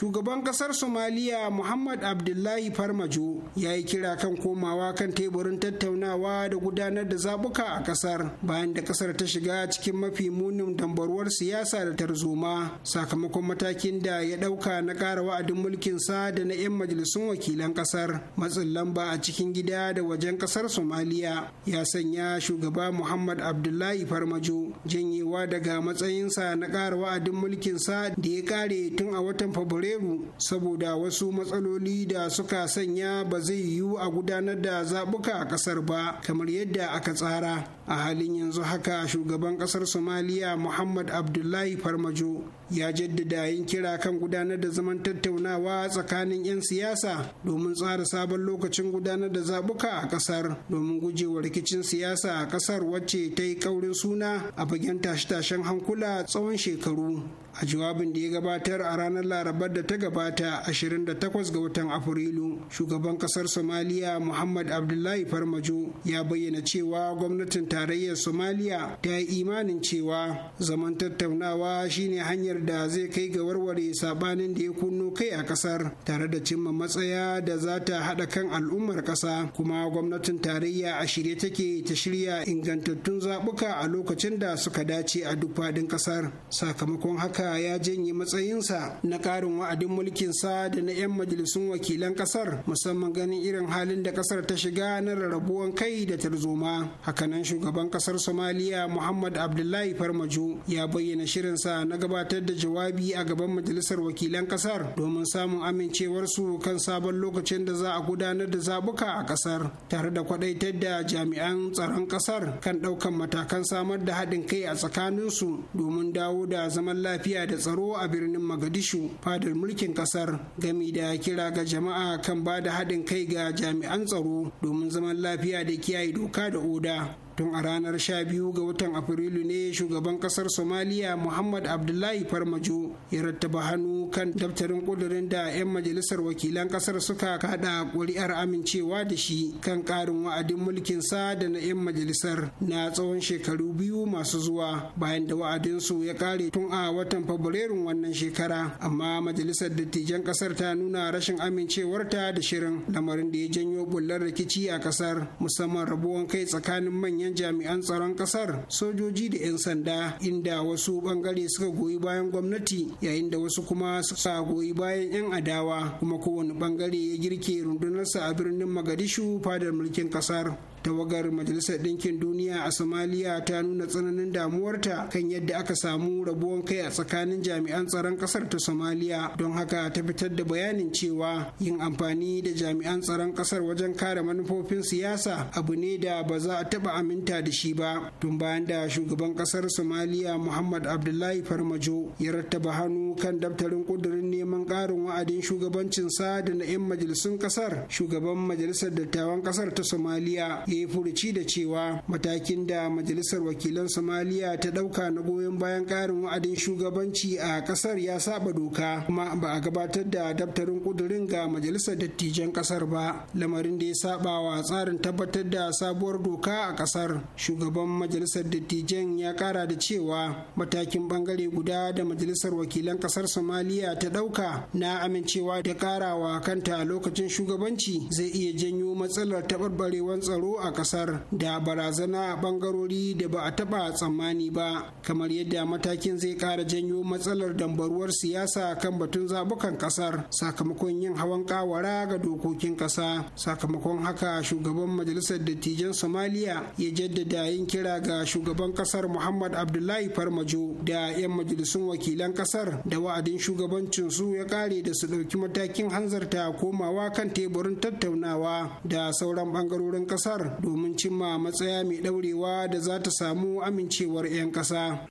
shugaban kasar somaliya muhammad abdullahi farmajo ya yi kira kan komawa kan teburin tattaunawa da gudanar da zabuka a kasar bayan da kasar ta shiga cikin mafi munin dambarwar siyasa da tarzoma sakamakon matakin da ya ɗauka na ƙara wa'adin mulkin sa da na 'yan majalisun wakilan kasar matsin lamba a cikin gida da wajen kasar somaliya ya sanya shugaba muhammad abdullahi farmajo janyewa daga matsayinsa na ƙara wa'adin mulkin sa da ya ƙare tun a watan fabrairu mu saboda wasu matsaloli da suka sanya ba zai yiwu a gudanar da zabuka a ƙasar ba kamar yadda aka tsara a halin yanzu haka shugaban ƙasar somaliya muhammad abdullahi farmajo ya jaddada yin kira kan gudanar da zaman tattaunawa tsakanin 'yan siyasa domin tsara sabon lokacin gudanar da zabuka a ƙasar domin gujewa rikicin siyasa a ƙasar wacce ta yi ƙaurin suna a fagen tashe-tashen hankula tsawon shekaru a jawabin da ya gabatar a ranar larabar da ta gabata 28 ga watan afrilu shugaban kasar somaliya muhammad abdullahi farmajo ya bayyana cewa gwamnatin tarayyar somaliya ta yi imanin cewa zaman tattaunawa shine hanyar da zai kai ga warware sabanin da ya kunno kai a kasar tare da cimma matsaya da za ta haɗa kan al'ummar ƙasa kuma gwamnatin tarayya a shirye take ta shirya ingantattun zaɓuka a lokacin da suka dace a duk faɗin ƙasar sakamakon haka ya janye matsayinsa na ƙarin wa'adin mulkin sa da na 'yan majalisun wakilan ƙasar musamman ganin irin halin da ƙasar ta shiga na rarrabuwan kai da tarzoma hakanan shugaban ƙasar somaliya muhammad abdullahi farmajo ya bayyana shirin sa na gabatar da jawabi a gaban majalisar wakilan ƙasar domin samun amincewar su kan sabon lokacin da za a gudanar da zabuka a ƙasar tare da kwadaitar da jami'an tsaron ƙasar kan ɗaukan matakan samar da haɗin kai a tsakaninsu domin dawo da zaman lafiya lafiya da tsaro a birnin Magadishu fadar mulkin kasar gami da kira ga jama'a kan ba da haɗin kai ga jami'an tsaro domin zaman lafiya da kiyaye doka da oda. tun a ranar 12 ga watan afrilu ne shugaban kasar somaliya muhammad abdullahi farmajo ya rattaba hannu kan daftarin kudurin da 'yan majalisar wakilan kasar suka kada kuri'ar amincewa da shi kan karin wa'adin mulkin sa da na 'yan majalisar na tsawon shekaru biyu masu zuwa bayan da wa'adinsu ya kare tun a watan fabrairun wannan shekara amma majalisar dattijan kasar ta nuna rashin amincewarta da shirin lamarin da ya janyo bullar rikici a kasar musamman rabuwan kai tsakanin manyan manyan jami'an tsaron kasar sojoji da 'yan sanda inda wasu bangare suka goyi bayan gwamnati yayin da wasu kuma suka goyi bayan 'yan adawa kuma kowane bangare ya girke rundunarsa a birnin magadishu fadar mulkin kasar tawagar majalisar ɗinkin duniya a somaliya ta nuna tsananin damuwarta kan yadda aka samu rabuwan kai a tsakanin jami'an tsaron ƙasar ta somaliya don haka ta fitar da bayanin cewa yin amfani da jami'an tsaron ƙasar wajen kare manufofin siyasa abu ne da ba za a taɓa aminta da shi ba tun bayan da shugaban ƙasar somaliya muhammad abdullahi farmajo ya rattaba hannu kan daftarin ƙudurin neman ƙarin wa'adin shugabancinsa da na 'yan majalisun ƙasar shugaban majalisar dattawan ƙasar ta somaliya ya yi furuci da cewa matakin da majalisar wakilan somaliya ta ɗauka na goyon bayan ƙarin wa'adin shugabanci a ƙasar ya saba doka kuma ba a gabatar da daftarin ƙudurin ga majalisar dattijan ƙasar ba lamarin da ya saba wa tsarin tabbatar da sabuwar doka a ƙasar shugaban majalisar dattijan ya ƙara da cewa matakin bangare guda da majalisar wakilan ƙasar somaliya ta ɗauka na amincewa da ƙarawa kanta lokacin shugabanci zai iya janyo matsalar taɓarɓarewar tsaro a kasar da barazana a bangarori da ba a taba tsammani ba kamar yadda matakin zai kara janyo matsalar dambaruwar siyasa kan batun zabukan kasar sakamakon yin hawan kawara ga dokokin kasa sakamakon haka shugaban majalisar dattijan somaliya ya jaddada yin kira ga shugaban kasar muhammad abdullahi farmajo da 'yan majalisun wakilan kasar da wa'adin shugabancin su ya kare da su ɗauki matakin hanzarta komawa kan teburin tattaunawa da sauran bangarorin kasar domin cimma matsaya mai daurewa da za ta samu amincewar 'yan ƙasa.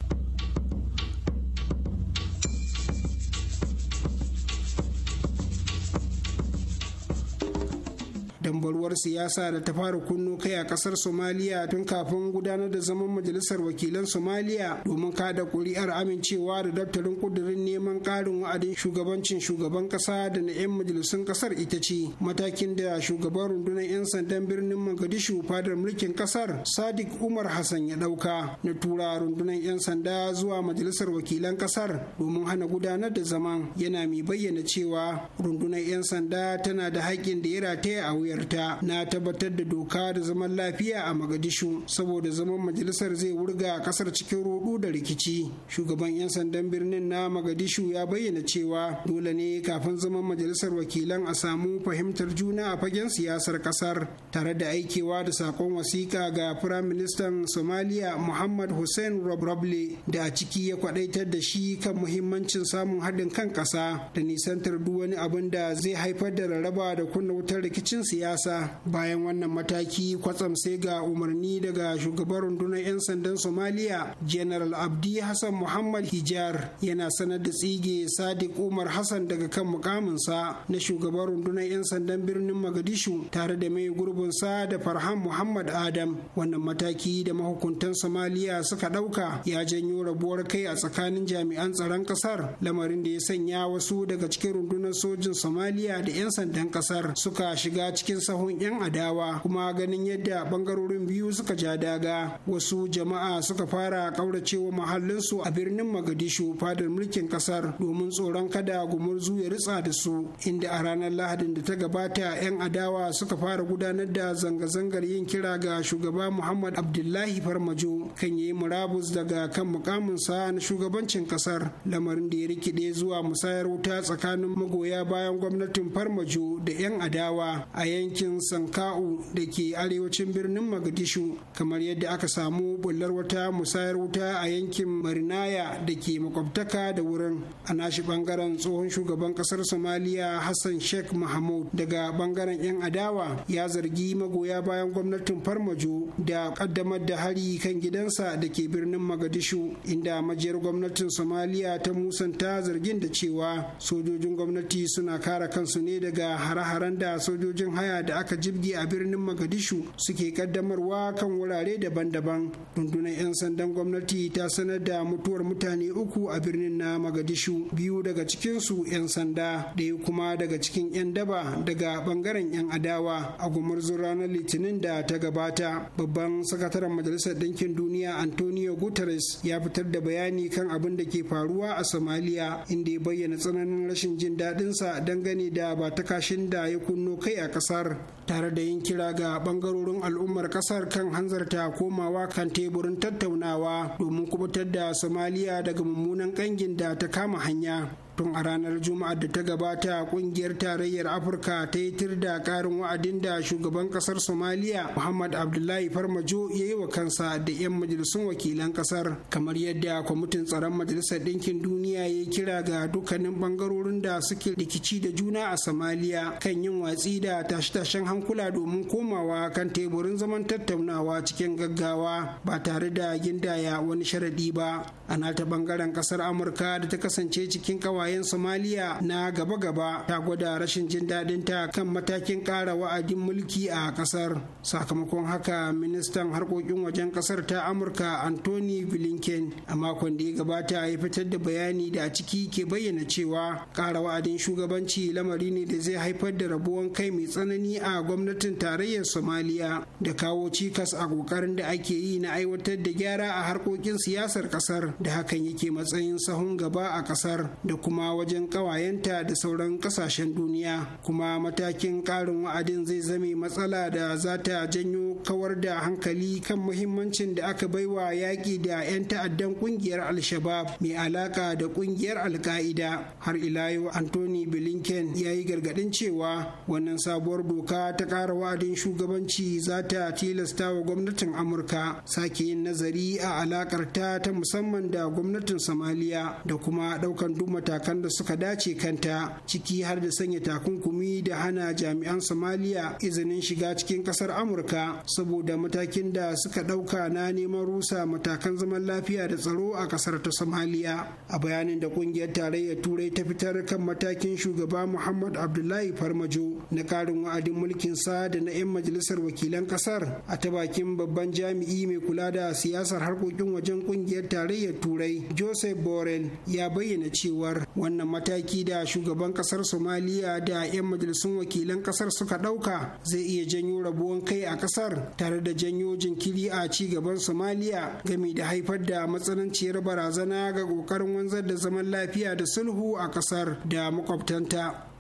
Baruwar siyasa da ta fara kunno kai a kasar somaliya tun kafin gudanar da zaman majalisar wakilan somaliya domin kada kuri'ar amincewa da daftarin kudirin neman karin wa'adin shugabancin shugaban kasa da na 'yan majalisun kasar ita ce matakin da shugaban rundunar 'yan sandan birnin mogadishu fadar mulkin kasar sadiq umar hassan ya dauka na tura rundunar 'yan sanda zuwa majalisar wakilan kasar domin hana gudanar da zaman yana mai bayyana cewa rundunar 'yan sanda tana da haƙƙin da ya rataya a wuyarta ta na tabbatar da doka da zaman lafiya a Magadishu saboda zaman majalisar zai wurga a kasar cikin rudu da rikici. Shugaban 'yan sandan birnin na Magadishu ya bayyana cewa dole ne kafin zaman majalisar wakilan a samu fahimtar juna a fagen siyasar kasar tare da aikewa da sakon wasiƙa ga Firaministan Somalia Muhammad Hussein Robrable da a ciki ya kwadaitar da shi kan muhimmancin samun haɗin kan ƙasa da nisantar duk wani abin da zai haifar da rarraba da kunna wutar rikicin siyasa. siyasa bayan wannan mataki kwatsam sai ga umarni daga shugaban rundunar 'yan sandan somaliya general abdi hassan muhammad Hijjar, yana sanar da tsige sadiq umar hassan daga kan mukaminsa na shugaban rundunar 'yan sandan birnin magadishu tare da mai gurbinsa da farhan muhammad adam wannan mataki da mahukuntan somaliya suka ɗauka ya janyo rabuwar kai a tsakanin jami'an tsaron ƙasar lamarin da ya sanya wasu daga cikin rundunar sojin somaliya da 'yan sandan ƙasar suka shiga cikin sahun 'yan adawa kuma ganin yadda bangarorin biyu suka ja daga wasu jama'a suka fara kauracewa mahallinsu a birnin magadishu fadar mulkin kasar domin tsoron kada gumurzu ya ritsa da su inda a ranar lahadin da ta gabata 'yan adawa suka fara gudanar da zanga-zangar yin kira ga shugaba muhammad abdullahi farmajo kan yi murabus daga kan mukaminsa na shugabancin kasar lamarin da ya rikide zuwa musayar wuta tsakanin magoya bayan gwamnatin farmajo da 'yan adawa a yankin yankin sanka'u da ke arewacin birnin magadishu kamar yadda aka samu bullar wata musayar wuta a yankin marinaya da ke makwabtaka da wurin a nashi bangaren tsohon shugaban kasar somaliya hassan sheikh mahmud daga bangaren yan adawa ya zargi magoya bayan gwamnatin farmajo da kaddamar da hari kan gidansa da ke birnin magadishu inda majiyar gwamnatin somaliya ta musanta zargin da cewa sojojin gwamnati suna kare kansu ne daga hare-haren da sojojin haya da aka jibge a birnin Magadishu suke kaddamarwa kan wurare daban-daban. Rundunar 'yan sandan gwamnati ta sanar da mutuwar mutane uku a birnin na Magadishu, biyu daga cikinsu 'yan sanda, ɗaya kuma daga cikin 'yan daba daga bangaren 'yan adawa a gumurzun ranar Litinin da ta gabata. Babban sakataren Majalisar Ɗinkin Duniya Antonio Guterres ya fitar da bayani kan abin da ke faruwa a Somalia inda ya bayyana tsananin rashin jin daɗinsa dangane da ba ta kashin da ya kunno kai a ƙasar. tare da yin kira ga bangarorin al'ummar kasar kan hanzarta komawa kan teburin tattaunawa domin kubutar da somaliya daga mummunan kangin da ta kama hanya tun a ranar juma'a da ta gabata kungiyar tarayyar afirka ta yi tir da karin wa'adin da shugaban kasar somaliya muhammad abdullahi farmajo ya yi wa kansa da 'yan majalisun wakilan kasar kamar yadda kwamitin tsaron majalisar ɗinkin duniya ya kira ga dukkanin bangarorin da suke rikici da juna a somaliya kan yin watsi da tashe-tashen hankula domin komawa kan teburin zaman tattaunawa cikin gaggawa ba tare da gindaya wani sharaɗi ba a nata bangaren kasar amurka da ta kasance cikin kawai bayan somaliya na gaba-gaba ta gwada rashin jin daɗin ta kan matakin ƙara wa'adin mulki a ƙasar sakamakon haka ministan harkokin wajen ƙasar ta amurka anthony blinken a makon da ya gabata ya fitar da bayani da a ciki ke bayyana cewa ƙara wa'adin shugabanci lamari ne da zai haifar da rabuwan kai mai tsanani a gwamnatin tarayyar somaliya da kawo cikas a ƙoƙarin da ake yi na aiwatar da gyara a harkokin siyasar ƙasar da hakan yake matsayin sahun gaba a ƙasar da kuma kuma wajen kawayenta da sauran kasashen duniya kuma matakin ƙarin wa'adin zai zame matsala da za ta janyo kawar da hankali kan muhimmancin da aka baiwa yaƙi da 'yan ta'addan ƙungiyar al-shabab mai alaƙa da ƙungiyar al-ƙa'ida har ila yau anthony blinken ya yi gargaɗin cewa wannan sabuwar doka ta ƙara wa'adin shugabanci za ta tilasta wa gwamnatin amurka sake yin nazari a alaƙarta ta musamman da gwamnatin Samaliya, da kuma ɗaukan duk matakan matakan da suka dace kanta ciki har da sanya takunkumi da hana jami'an somaliya izinin shiga cikin kasar amurka saboda matakin da suka ɗauka na neman rusa matakan zaman lafiya da tsaro a kasar ta somaliya a bayanin da kungiyar tarayyar turai ta fitar kan matakin shugaba muhammad abdullahi farmajo na karin wa'adin mulkin sa da na 'yan majalisar wakilan kasar a ta bakin babban jami'i mai kula da siyasar harkokin wajen kungiyar tarayyar turai joseph borrell ya bayyana cewar wannan mataki da shugaban kasar somaliya da 'yan majalisun wakilan kasar suka ɗauka zai iya janyo rabuwan kai a kasar tare da janyo jinkiri a ci gaban somaliya gami da haifar da matsananciyar barazana ga ƙoƙarin wanzar da zaman lafiya da sulhu a kasar da makwabtanta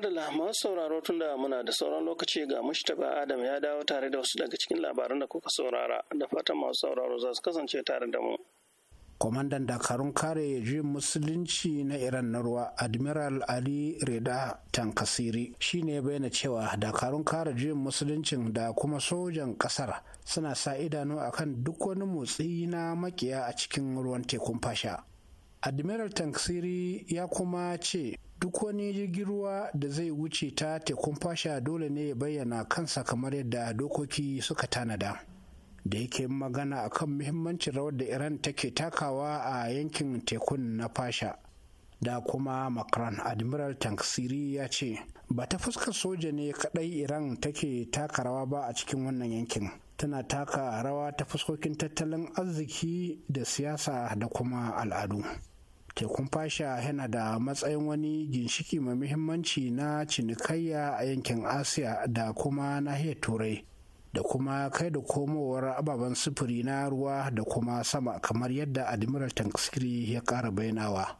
madalla masu sauraro tun da muna da sauran lokaci ga mushtaba adam ya dawo tare da wasu daga cikin labaran da kuka saurara da fatan masu sauraro za su kasance tare da mu kwamandan dakarun kare juyin musulunci na iran na ruwa admiral ali reda tankasiri shine bayyana cewa dakarun kare juyin musuluncin da kuma sojan kasar suna sa idanu akan duk wani motsi na makiya a cikin ruwan tekun fasha admiral tankasiri ya kuma ce duk wani jirgin ruwa da zai wuce ta tekun fasha dole ne ya bayyana kansa kamar yadda dokoki suka tanada da yake magana akan muhimmancin rawar da iran take takawa a yankin tekun na fasha da kuma macron admiral tanksiri ya ce ba ta fuskar soja ne kadai iran take taka rawa ba a cikin wannan yankin tana taka rawa ta fuskokin tattalin arziki da siyasa da kuma al'adu tekun fasha yana da matsayin wani ginshiki mai muhimmanci na cinikayya a yankin asiya da kuma nahiyar turai da kuma kai da komowar ababen sufuri na ruwa da kuma sama kamar yadda admiral tanksiri ya kara bainawa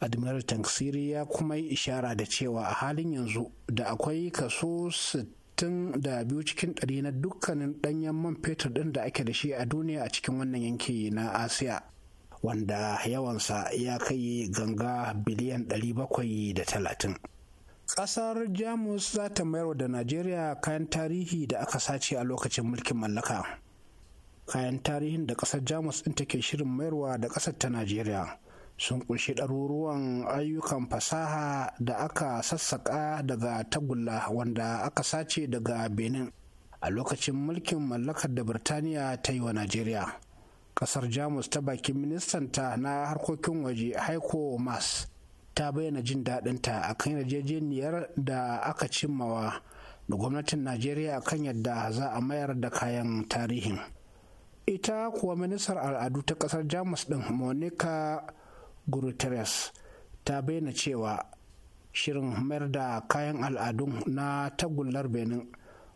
admiral tanksiri ya kuma yi ishara da cewa a halin yanzu da akwai kaso sittin da biyu cikin ɗari na dukkanin ɗanyen man fetur ɗin da ake da shi a duniya a cikin wannan yanki na asiya wanda yawansa ya kai ganga biliyan 730 ƙasar jamus za ta mayar da najeriya kayan tarihi da aka sace a lokacin mulkin mallaka kayan tarihin da ƙasar jamus ɗin take shirin mayarwa da ƙasar ta najeriya sun kunshi ɗaruruwan ayyukan fasaha da aka sassaƙa daga tagulla wanda aka sace daga benin a lokacin mulkin mallakar da birtaniya ta yi wa najeriya kasar jamus ta bakin ministanta na harkokin waje haiko mas ta bayyana jin daɗinta a kan yarjejeniyar da aka cimmawa da gwamnatin najeriya a kan yadda za a mayar da kayan tarihin ita kuwa ministar al'adu ta kasar jamus ɗin monica guterres ta bayyana cewa shirin mayar da kayan al'adun na tagullar benin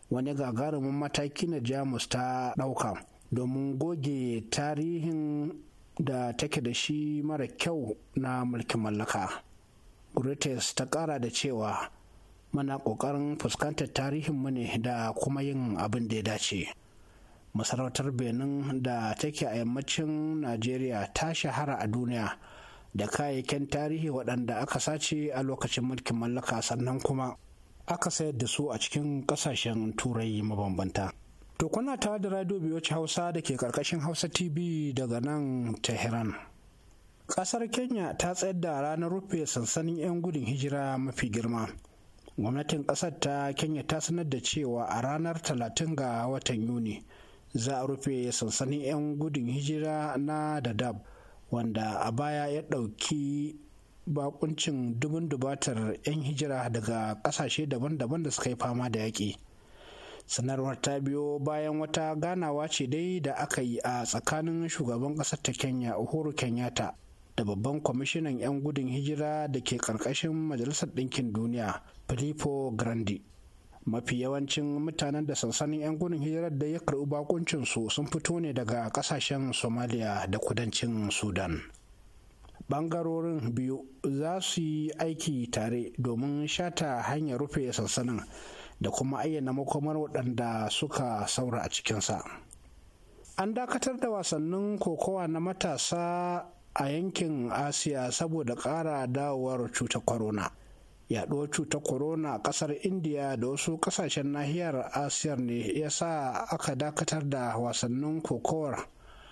wani gagarumin mataki na jamus ta ɗauka domin goge tarihin da take da shi mara kyau na mulkin mallaka Guterres ta kara da cewa mana ƙoƙarin fuskantar tarihinmu ne da kuma yin abin da ya dace masarautar benin da take a yammacin najeriya ta shahara a duniya da kayayyakin tarihi waɗanda aka sace a lokacin mulkin mallaka sannan kuma aka sayar da su a cikin ƙasashen turai mabambanta To kuna ta da radio biyoci Hausa da ke karkashin Hausa TV daga nan Tehran. Kasar Kenya ta tsayar da ranar rufe sansanin 'yan gudun hijira mafi girma. Gwamnatin kasar ta Kenya ta sanar da cewa a ranar 30 ga watan Yuni za a rufe sansanin 'yan gudun hijira na Dadaab wanda a baya ya ɗauki bakuncin dubun dubatar 'yan hijira daga ƙasashe daban-daban da suka yi fama da yaƙi. sanarwar ta biyo bayan wata ganawa ce dai da aka yi a tsakanin shugaban kasar ta kenya uhuru kenyatta da babban kwamishinan 'yan gudun hijira da ke karkashin majalisar ɗinkin duniya filippo grandi mafi yawancin mutanen da sansanin 'yan gudun hijirar da ya karɓi bakuncinsu sun fito ne daga kasashen somaliya da kudancin sudan bangarorin biyu za su yi aiki tare domin shata hanyar rufe sansanin da kuma ayyana makomar waɗanda suka saura a cikinsa an dakatar da wasannin kokowa na matasa a yankin asiya saboda ƙara dawowar cutar corona yaɗuwar cutar corona a ƙasar india da wasu ƙasashen nahiyar asiya ne ya sa aka dakatar da wasannin kokowar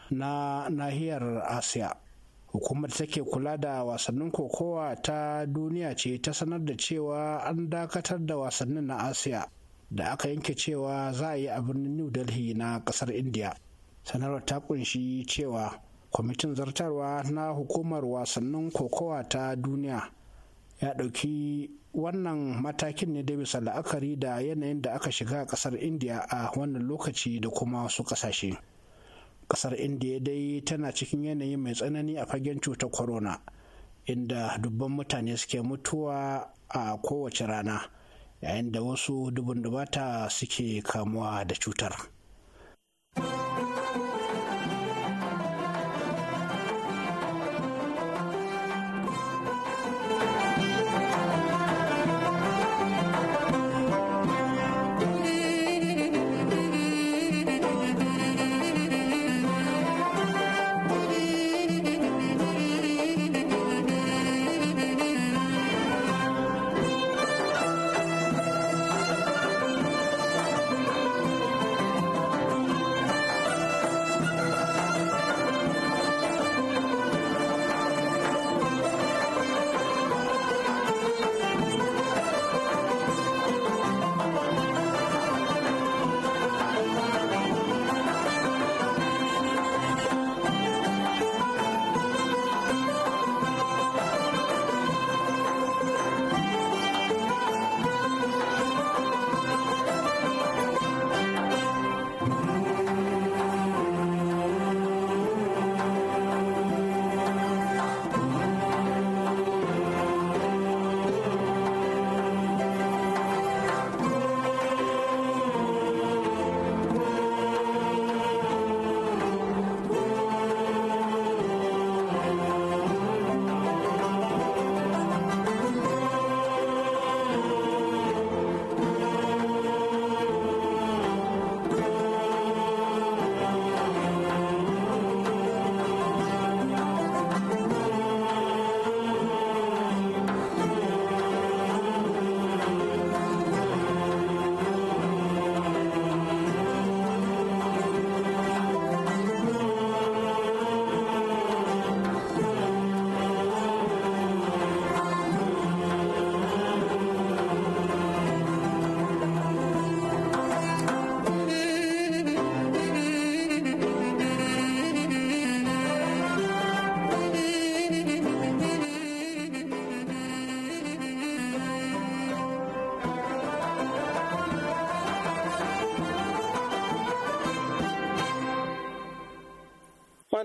na nahiyar asiya hukumar take kula da wasannin kokowa ta duniya ce ta sanar da cewa an dakatar da wasannin na asiya da aka yanke cewa za a yi a birnin new delhi na kasar india sanarwar ta kunshi cewa kwamitin zartarwa na hukumar wasannin kokowa ta duniya ya ɗauki wannan matakin ne da bisa la'akari da yanayin da aka shiga a ƙasar india a wannan lokaci da kuma wasu ƙasashe. kasar indiya dai tana cikin yanayi mai tsanani a fagen cutar corona inda dubban mutane suke mutuwa a kowace rana yayin da wasu dubun dubata suke kamuwa da cutar.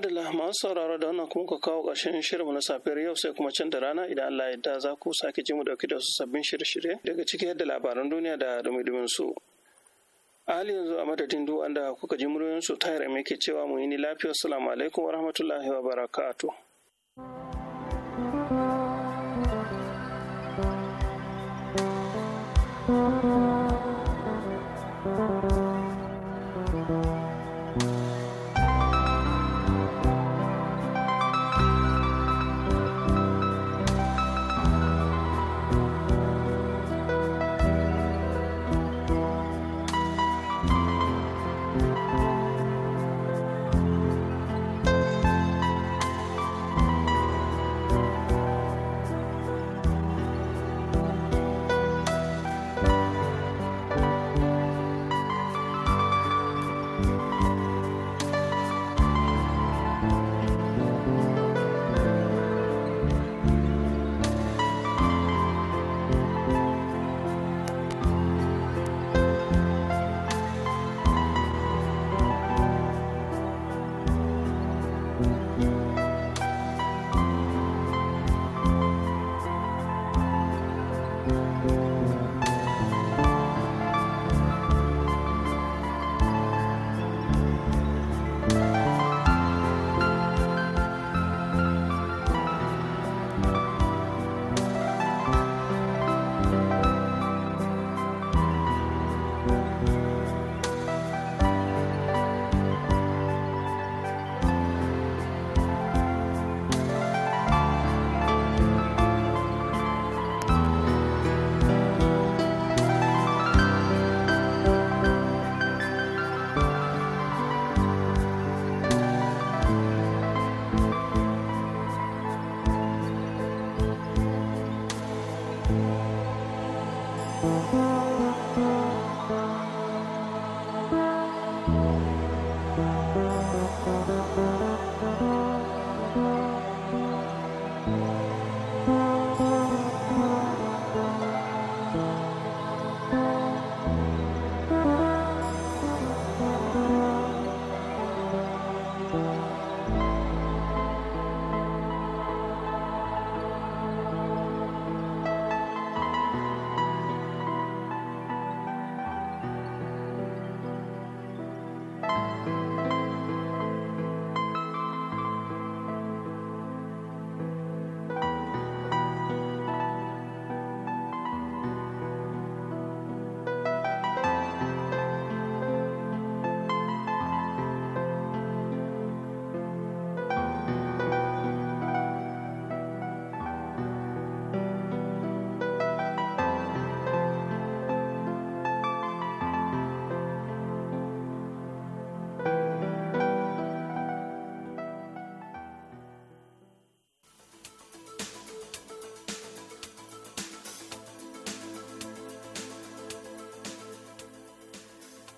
madalla masu sauraro da wannan kuma ka kawo ƙarshen shirinmu na safiyar yau sai kuma can da rana idan Allah ya da za ku sake ji mu dauki da wasu sabbin shirye-shirye daga ciki yadda labaran duniya da dumi su. A hali yanzu a madadin duk wanda kuka ji muryoyin su tayar ke cewa mu yi ni lafiya assalamu alaikum wa rahmatullahi wa barakatuh.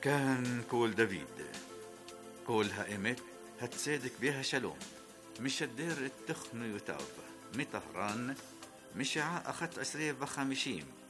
كان كول دافيد كولها إمت هتسيدك بها شلوم مش الدير التخن يتعب مي طهران عا أخت عسرية بخامشيم